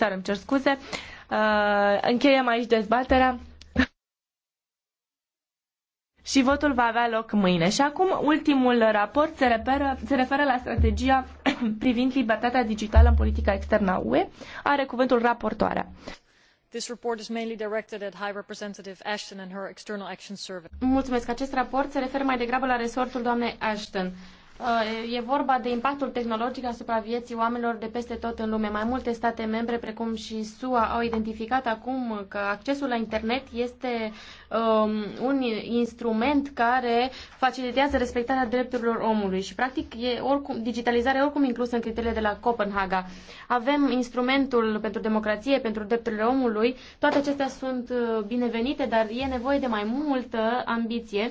țară, îmi cer scuze. Uh, Încheiem aici dezbaterea. Și votul va avea loc mâine. Și acum ultimul raport se, reperă, se referă la strategia privind libertatea digitală în politica externă a UE. Are cuvântul raportoarea. This report is mainly directed at High Representative Ashton and her External Action Service. Mulțumesc. Acest raport se referă mai degrabă la resortul doamnei Ashton. Uh, Uh, e vorba de impactul tehnologic asupra vieții oamenilor de peste tot în lume. Mai multe state membre, precum și SUA, au identificat acum că accesul la internet este um, un instrument care facilitează respectarea drepturilor omului și, practic, e oricum, digitalizarea oricum inclusă în criteriile de la Copenhaga. Avem instrumentul pentru democrație, pentru drepturile omului. Toate acestea sunt uh, binevenite, dar e nevoie de mai multă ambiție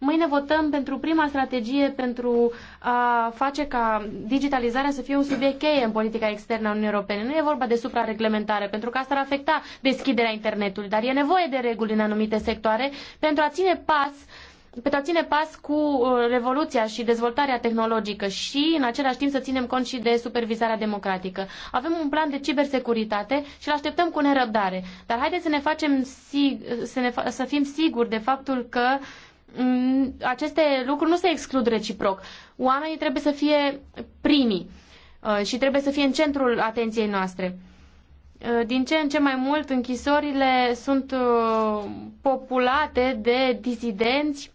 Mâine votăm pentru prima strategie pentru a face ca digitalizarea să fie un subiect cheie în politica externă a Uniunii Europene. Nu e vorba de suprareglementare, pentru că asta ar afecta deschiderea internetului, dar e nevoie de reguli în anumite sectoare pentru a ține pas pentru a ține pas cu uh, revoluția și dezvoltarea tehnologică și, în același timp, să ținem cont și de supervizarea democratică. Avem un plan de cibersecuritate și îl așteptăm cu nerăbdare. Dar haideți să ne facem sig- să, ne fa- să fim siguri de faptul că Mm, aceste lucruri nu se exclud reciproc. Oamenii trebuie să fie primii uh, și trebuie să fie în centrul atenției noastre. Uh, din ce în ce mai mult, închisorile sunt uh, populate de dizidenți,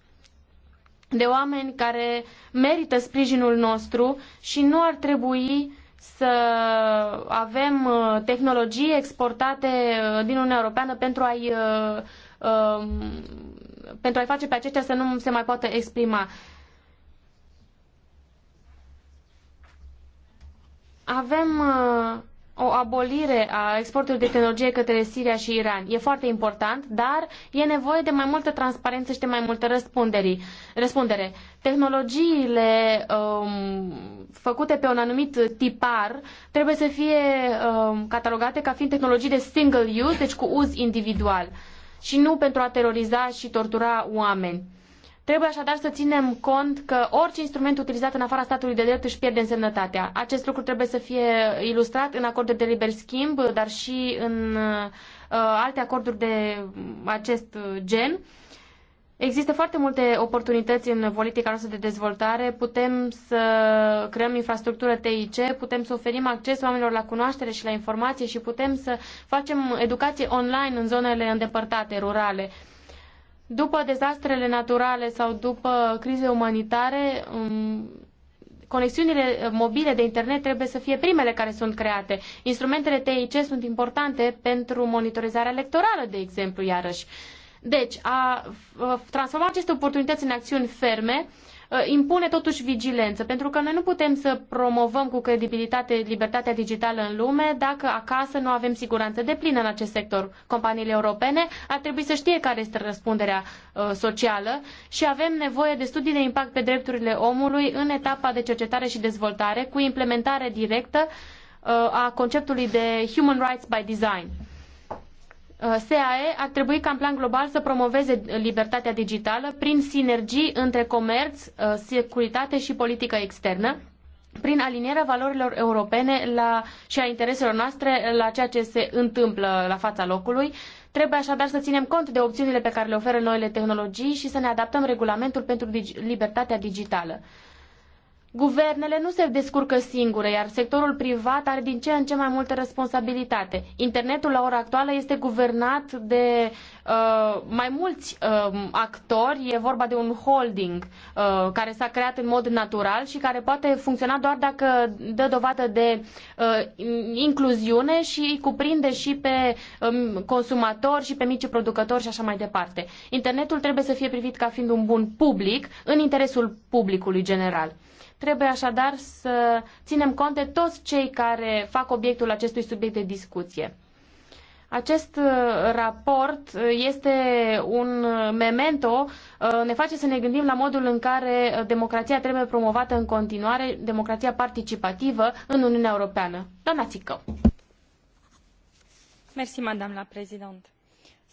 de oameni care merită sprijinul nostru și nu ar trebui să avem tehnologii exportate din Uniunea Europeană pentru a-i um, pentru a-i face pe aceștia să nu se mai poată exprima. Avem uh, o abolire a exportului de tehnologie către Siria și Iran. E foarte important, dar e nevoie de mai multă transparență și de mai multă răspundere. Tehnologiile um, făcute pe un anumit tipar trebuie să fie um, catalogate ca fiind tehnologii de single use, deci cu uz individual. Uh, și nu pentru a teroriza și tortura oameni. Trebuie așadar să ținem cont că orice instrument utilizat în afara statului de drept își pierde însemnătatea. Acest lucru trebuie să fie ilustrat în acorduri de liber schimb, dar și în uh, alte acorduri de acest gen. Există foarte multe oportunități în politica noastră de dezvoltare. Putem să creăm infrastructură TIC, putem să oferim acces oamenilor la cunoaștere și la informație și putem să facem educație online în zonele îndepărtate, rurale. După dezastrele naturale sau după crize umanitare, um, conexiunile mobile de internet trebuie să fie primele care sunt create. Instrumentele TIC sunt importante pentru monitorizarea electorală, de exemplu, iarăși. Uh, deci, a transforma aceste oportunități în acțiuni ferme impune totuși vigilență, pentru că noi nu putem să promovăm cu credibilitate libertatea digitală în lume dacă acasă nu avem siguranță de plină în acest sector. Companiile europene ar trebui să știe care este răspunderea socială și avem nevoie de studii de impact pe drepturile omului în etapa de cercetare și dezvoltare cu implementare directă a conceptului de human rights by design. Uh, SAE ar trebui ca în plan global să promoveze libertatea digitală prin sinergii între comerț, uh, securitate și politică externă, prin alinierea valorilor europene la, și a intereselor noastre la ceea ce se întâmplă la fața locului. Trebuie așadar să ținem cont de opțiunile pe care le oferă noile tehnologii și să ne adaptăm regulamentul pentru dig libertatea digitală. Guvernele nu se descurcă singure, iar sectorul privat are din ce în ce mai multă responsabilitate. Internetul la ora actuală este guvernat de uh, mai mulți uh, actori, e vorba de un holding uh, care s-a creat în mod natural și care poate funcționa doar dacă dă dovadă de uh, incluziune și cuprinde și pe um, consumatori și pe mici producători și așa mai departe. Internetul trebuie să fie privit ca fiind un bun public în interesul publicului general. Trebuie așadar să ținem cont de toți cei care fac obiectul acestui subiect de discuție. Acest uh, raport uh, este un uh, memento, ne face să ne gândim la modul în care democrația trebuie promovată în continuare, democrația participativă în Uniunea Europeană. Doamna Țică! Mersi, madame la prezident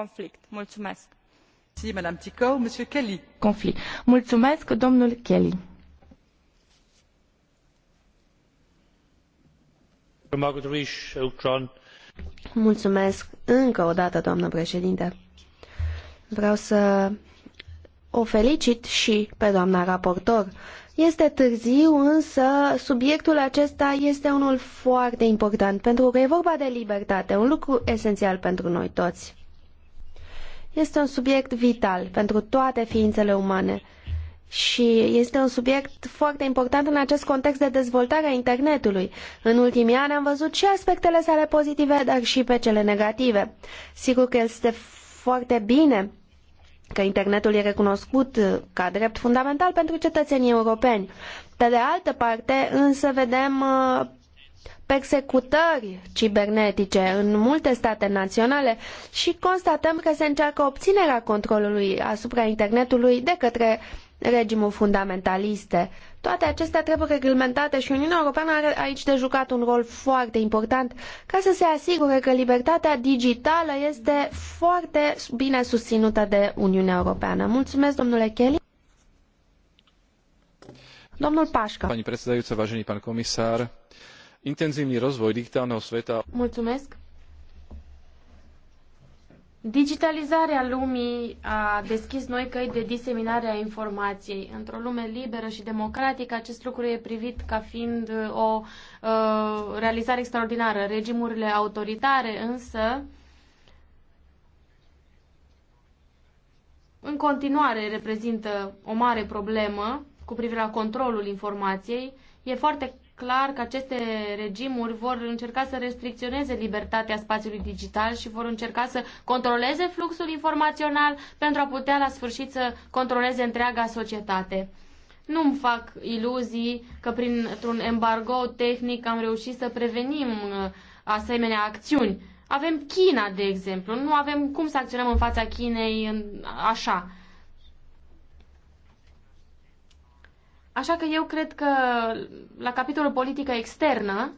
conflict. Mulțumesc. Conflict. Mulțumesc, domnul Kelly. Mulțumesc încă o dată, doamnă președinte. Vreau să o felicit și pe doamna raportor. Este târziu, însă subiectul acesta este unul foarte important, pentru că e vorba de libertate, un lucru esențial pentru noi toți. Este un subiect vital pentru toate ființele umane și este un subiect foarte important în acest context de dezvoltare a internetului. În ultimii ani am văzut și aspectele sale pozitive, dar și pe cele negative. Sigur că este foarte bine că internetul e recunoscut ca drept fundamental pentru cetățenii europeni. Pe de altă parte, însă vedem uh, persecutări cibernetice în multe state naționale și constatăm că se încearcă obținerea controlului asupra internetului de către regimuri fundamentaliste. Toate acestea trebuie reglementate și Uniunea Europeană are aici de jucat un rol foarte important ca să se asigure că libertatea digitală este foarte bine susținută de Uniunea Europeană. Mulțumesc, domnule Kelly. Domnul Pașca. Pani predsedajúca, vážený pan comisar intenzívny rozvoj digitálneho sveta. Mulțumesc! Digitalizarea lumii a deschis noi căi de diseminare a informației. Într-o lume liberă și democratică, acest lucru e privit ca fiind o uh, realizare extraordinară. Regimurile autoritare, însă, în continuare reprezintă o mare problemă cu privire la controlul informației. E foarte clar că aceste regimuri vor încerca să restricționeze libertatea spațiului digital și vor încerca să controleze fluxul informațional pentru a putea la sfârșit să controleze întreaga societate. Nu-mi fac iluzii că printr-un embargo tehnic am reușit să prevenim uh, asemenea acțiuni. Avem China, de exemplu. Nu avem cum să acționăm în fața Chinei așa. Așa că eu cred că la capitolul politică externă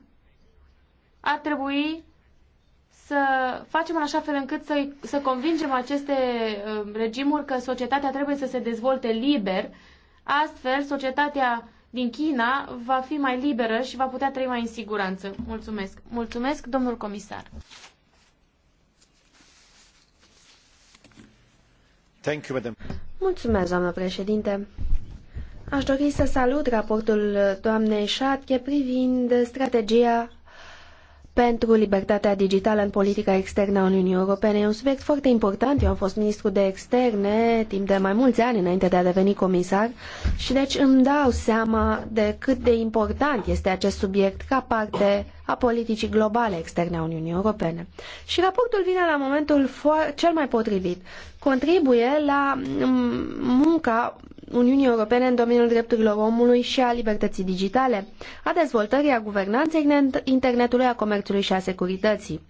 ar trebui să facem în așa fel încât să, să convingem aceste uh, regimuri că societatea trebuie să se dezvolte liber, astfel societatea din China va fi mai liberă și va putea trăi mai în siguranță. Mulțumesc. Mulțumesc, domnul comisar. Thank you, madam. Mulțumesc, doamnă președinte. Aș dori să salut raportul doamnei Șatche privind strategia pentru libertatea digitală în politica externă a Uniunii Europene. E un subiect foarte important. Eu am fost ministru de externe timp de mai mulți ani înainte de a deveni comisar și deci îmi dau seama de cât de important este acest subiect ca parte a politicii globale externe a Uniunii Europene. Și raportul vine la momentul cel mai potrivit. Contribuie la munca Uniunii Europene în domeniul drepturilor omului și a libertății digitale, a dezvoltării, a guvernanței internetului, a comerțului și a securității.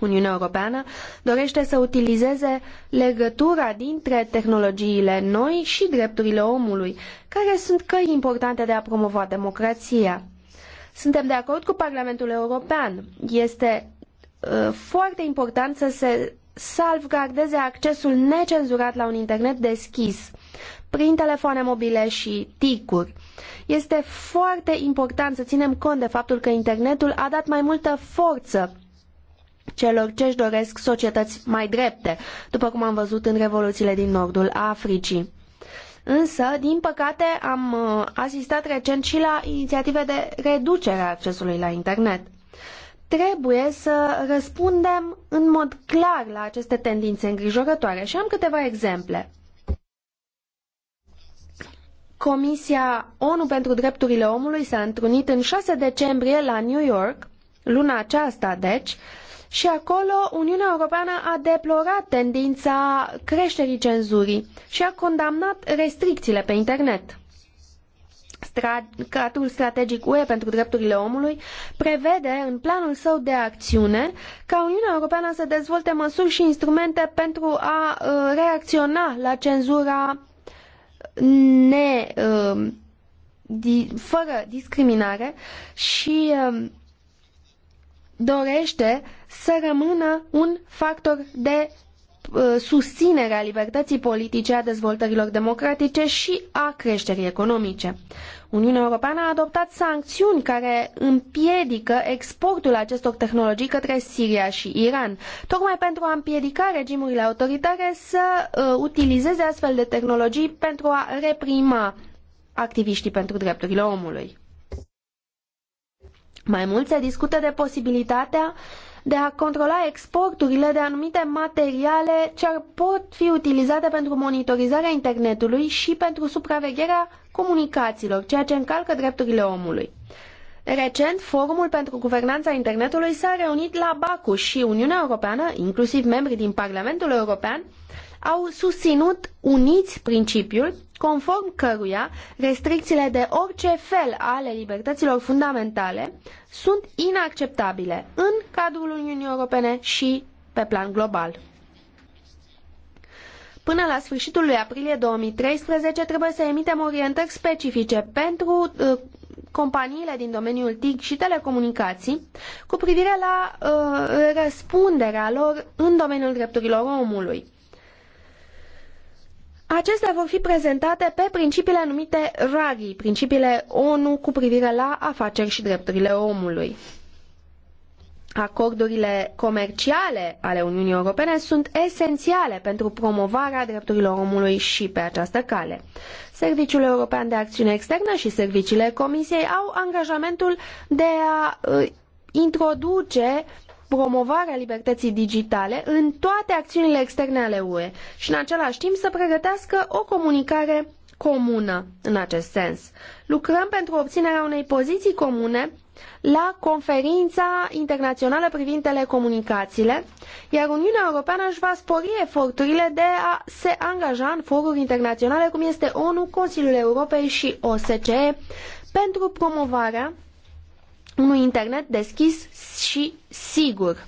Uniunea Europeană dorește să utilizeze legătura dintre tehnologiile noi și drepturile omului, care sunt căi importante de a promova democrația. Suntem de acord cu Parlamentul European. Este uh, foarte important să se salvgardeze accesul necenzurat la un internet deschis prin telefoane mobile și ticuri. Este foarte important să ținem cont de faptul că internetul a dat mai multă forță celor ce își doresc societăți mai drepte, după cum am văzut în revoluțiile din nordul Africii. Însă, din păcate, am uh, asistat recent și la inițiative de reducere a accesului la internet. Trebuie să răspundem în mod clar la aceste tendințe îngrijorătoare și am câteva exemple. Comisia ONU pentru Drepturile Omului s-a întrunit în 6 decembrie la New York, luna aceasta deci, și acolo Uniunea Europeană a deplorat tendința creșterii cenzurii și a condamnat restricțiile pe internet. Cadrul strategic UE pentru drepturile omului prevede în planul său de acțiune ca Uniunea Europeană să dezvolte măsuri și instrumente pentru a uh, reacționa la cenzura ne, um, di, fără discriminare și um, dorește să rămână un factor de Uh, susținerea libertății politice, a dezvoltărilor democratice și a creșterii economice. Uniunea Europeană a adoptat sancțiuni care împiedică exportul acestor tehnologii către Siria și Iran, tocmai pentru a împiedica regimurile autoritare să uh, utilizeze astfel de tehnologii pentru a reprima activiștii pentru drepturile omului. Mai mult se discută de posibilitatea uh, de a controla exporturile de anumite materiale ce ar pot fi utilizate pentru monitorizarea internetului și pentru supravegherea comunicațiilor, ceea ce încalcă drepturile omului. Recent, Forumul pentru Guvernanța Internetului s-a reunit la Baku și Uniunea Europeană, inclusiv membrii din Parlamentul European, au susținut uniți principiul conform căruia restricțiile de orice fel ale libertăților fundamentale sunt inacceptabile în cadrul Uniunii Europene și pe plan global. Până la sfârșitul lui aprilie 2013 trebuie să emitem orientări specifice pentru uh, companiile din domeniul TIC și telecomunicații cu privire la uh, răspunderea lor în domeniul drepturilor omului. Acestea vor fi prezentate pe principiile numite RARI, principiile ONU cu privire la afaceri și drepturile omului. Acordurile comerciale ale Uniunii Europene sunt esențiale pentru promovarea drepturilor omului și pe această cale. Serviciul European de Acțiune Externă și serviciile Comisiei au angajamentul de a uh, introduce promovarea libertății digitale în toate acțiunile externe ale UE și în același timp să pregătească o comunicare comună în acest sens. Lucrăm pentru obținerea unei poziții comune la conferința internațională privind telecomunicațiile, iar Uniunea Europeană își va spori eforturile de a se angaja în foruri internaționale cum este ONU, Consiliul Europei și OSCE pentru promovarea unui internet deschis și sigur.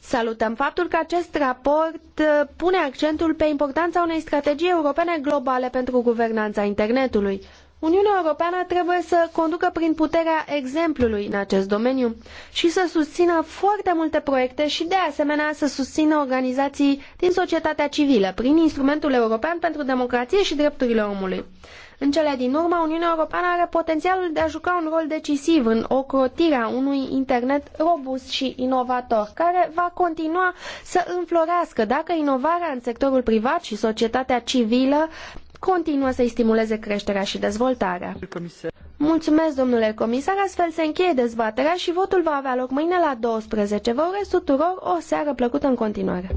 Salutăm faptul că acest raport uh, pune accentul pe importanța unei strategii europene globale pentru guvernanța internetului. Uniunea Europeană trebuie să conducă prin puterea exemplului în acest domeniu și să susțină foarte multe proiecte și de asemenea să susțină organizații din societatea civilă prin instrumentul european pentru democrație și drepturile omului. În cele din urmă, Uniunea Europeană are potențialul de a juca un rol decisiv în ocrotirea unui internet robust și inovator, care va continua să înflorească dacă inovarea în sectorul privat și societatea civilă continuă să-i stimuleze creșterea și dezvoltarea. Mulțumesc, domnule comisar, astfel se încheie dezbaterea și votul va avea loc mâine la 12. Vă urez tuturor o seară plăcută în continuare.